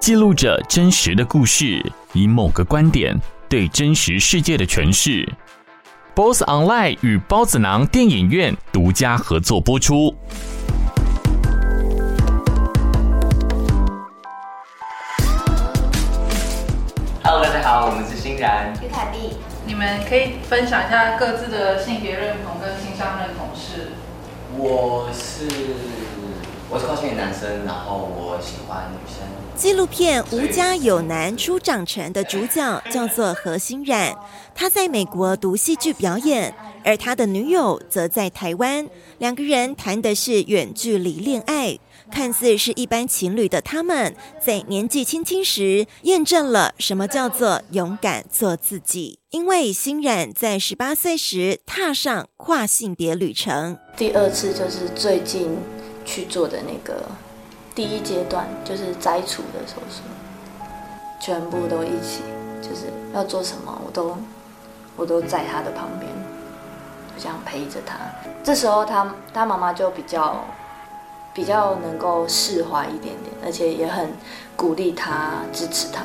記錄着真實的故事，以某個觀點對真實世界的詮釋。BOSS Online 與包子囊電影院獨家合作播出。Hello，大家好，我們是星冉、與凱蒂。你們可以分享一下各自的性別認同跟性向認同是？我是我是高性男生，然後我喜歡女生。紀錄片《吾家有男初長成》的主角叫做何星冉，他在美國讀戲劇表演，而他的女友則在台灣，兩個人談的是遠距離戀愛，看似是一般情侶的他們，在年紀輕輕時驗證了什麼叫做勇敢做自己，因為星冉在十八歲時踏上跨性別旅程。第二次就是最近去做的那個。第一階段就是摘除的手術，全部都一起，就是要做什麼，我都我都在他的旁邊，就這樣陪着他。這時候他他媽媽就比較比較能夠釋懷一點點，而且也很鼓勵他支持他。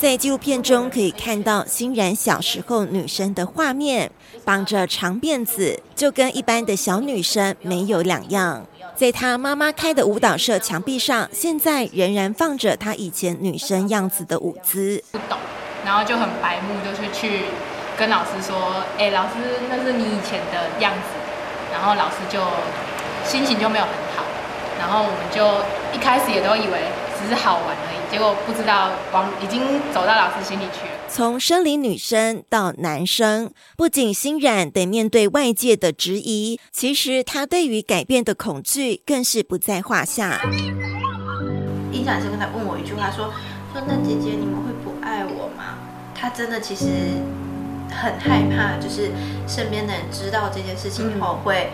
在紀錄片中可以看到星冉小時候女生的畫面，綁着長辮子，就跟一般的小女生沒有兩樣。在她媽媽開的舞蹈社牆壁上，現在仍然放着她以前女生樣子的舞姿。不懂，然後就很白目，就是去跟老師說：“哎、欸，老師，那是你以前的樣子。”然後老師就心情就沒有很好。然後我們就一開始也都以為只是好玩。結果不知道，往已經走到老師心裡去了。從生理女生到男生，不僅星冉得面對外界的質疑，其實他對於改變的恐懼更是不在話下。星冉就跟他問我一句話，說：“說那姐姐，你們會不愛我嗎？”他真的其實很害怕，就是身邊的人知道這件事情後、嗯，會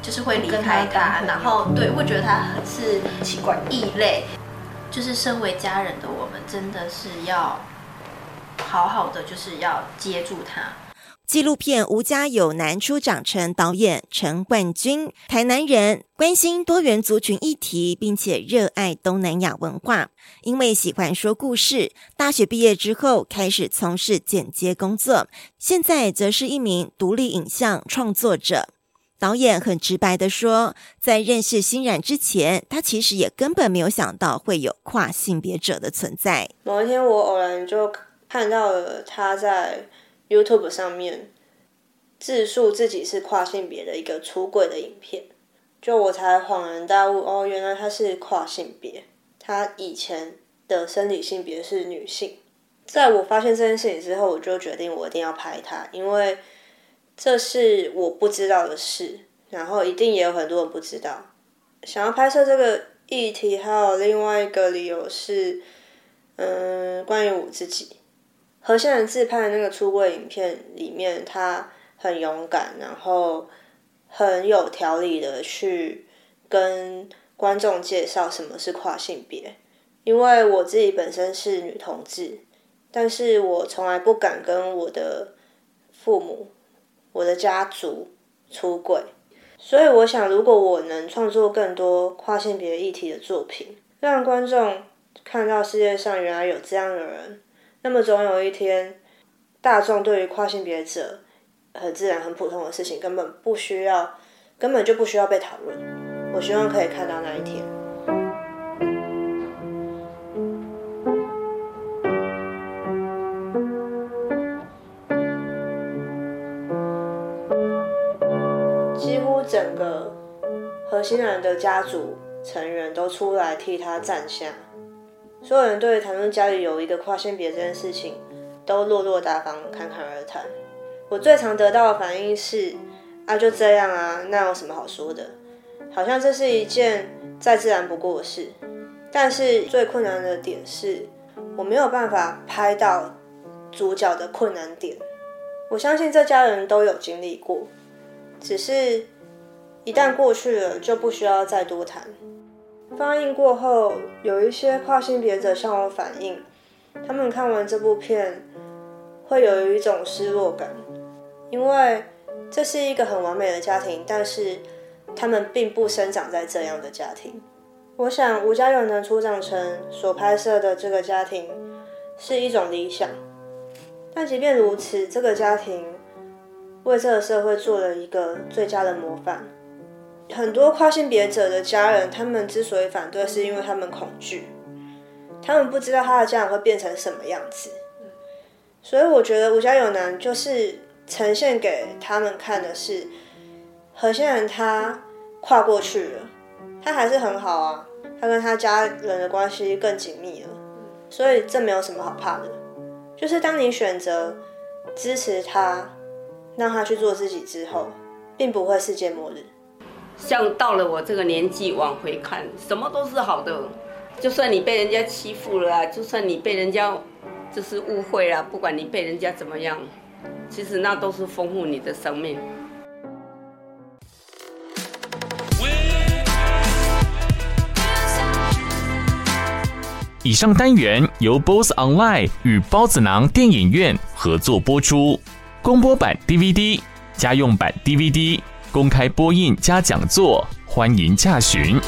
就是會離開他，他然後對會覺得他是奇怪異類。就是身為家人的我們，真的是要好好的，就是要接住他。紀錄片《吾家有男初長成》導演陳冠君，台南人，關心多元族群議題，並且熱愛東南亞文化。因為喜歡說故事，大學畢業之後開始從事剪接工作，現在則是一名獨立影像創作者。導演很直白地說，在認識星冉之前，他其實也根本沒有想到會有跨性別者的存在。某一天，我偶然就看到了他在 YouTube 上面自述自己是跨性別的一個出櫃的影片，就我才恍然大悟，哦，原來他是跨性別，他以前的生理性別是女性。在我發現這件事情之後，我就決定我一定要拍他，因為。這是我不知道的事，然後一定也有很多人不知道。想要拍攝這個議題，還有另外一個理由是，嗯，關於我自己。何星冉自拍的那個出櫃影片裡面，他很勇敢，然後很有條理的去跟觀眾介紹什麼是跨性別。因為我自己本身是女同志，但是我從來不敢跟我的父母，我的家族出櫃，所以我想，如果我能創作更多跨性別議題的作品，讓觀眾看到世界上原來有這樣的人，那麼總有一天，大眾對於跨性別者很自然、很普通的事情，根本不需要，根本就不需要被討論。我希望可以看到那一天。何星冉的家族成員都出來替他站下，所有人對於談論家裡有一個跨性別這件事情都落落大方、侃侃而談。我最常得到的反應是：啊，就這樣啊，那有什麼好說的？好像這是一件再自然不過的事。但是最困難的點是，我沒有辦法拍到主角的困難點。我相信這家人都有經歷過，只是。一旦過去了，就不需要再多談。放映過後，有一些跨性別者向我反映，他們看完這部片，會有一種失落感，因為這是一個很完美的家庭，但是他們並不生長在這樣的家庭。我想，吾家有男初長成所拍攝的這個家庭，是一種理想。但即便如此，這個家庭為這個社會做了一個最佳的模範。很多跨性別者的家人，他們之所以反對，是因為他們恐懼，他們不知道他的家人會變成什麼樣子。所以我覺得《吾家有男》就是呈現給他們看的是，何先生他跨過去了，他還是很好啊，他跟他家人的關係更緊密了，所以這沒有什麼好怕的。就是當你選擇支持他，讓他去做自己之後，並不會世界末日。像到了我這個年紀，往回看，什麼都是好的。就算你被人家欺負了啊，就算你被人家就是誤會了，不管你被人家怎麼樣，其實那都是豐富你的生命。以上單元由 BOSS Online 與包子囊電影院合作播出，公播版 DVD，家用版 DVD。公開播映加講座，歡迎洽詢。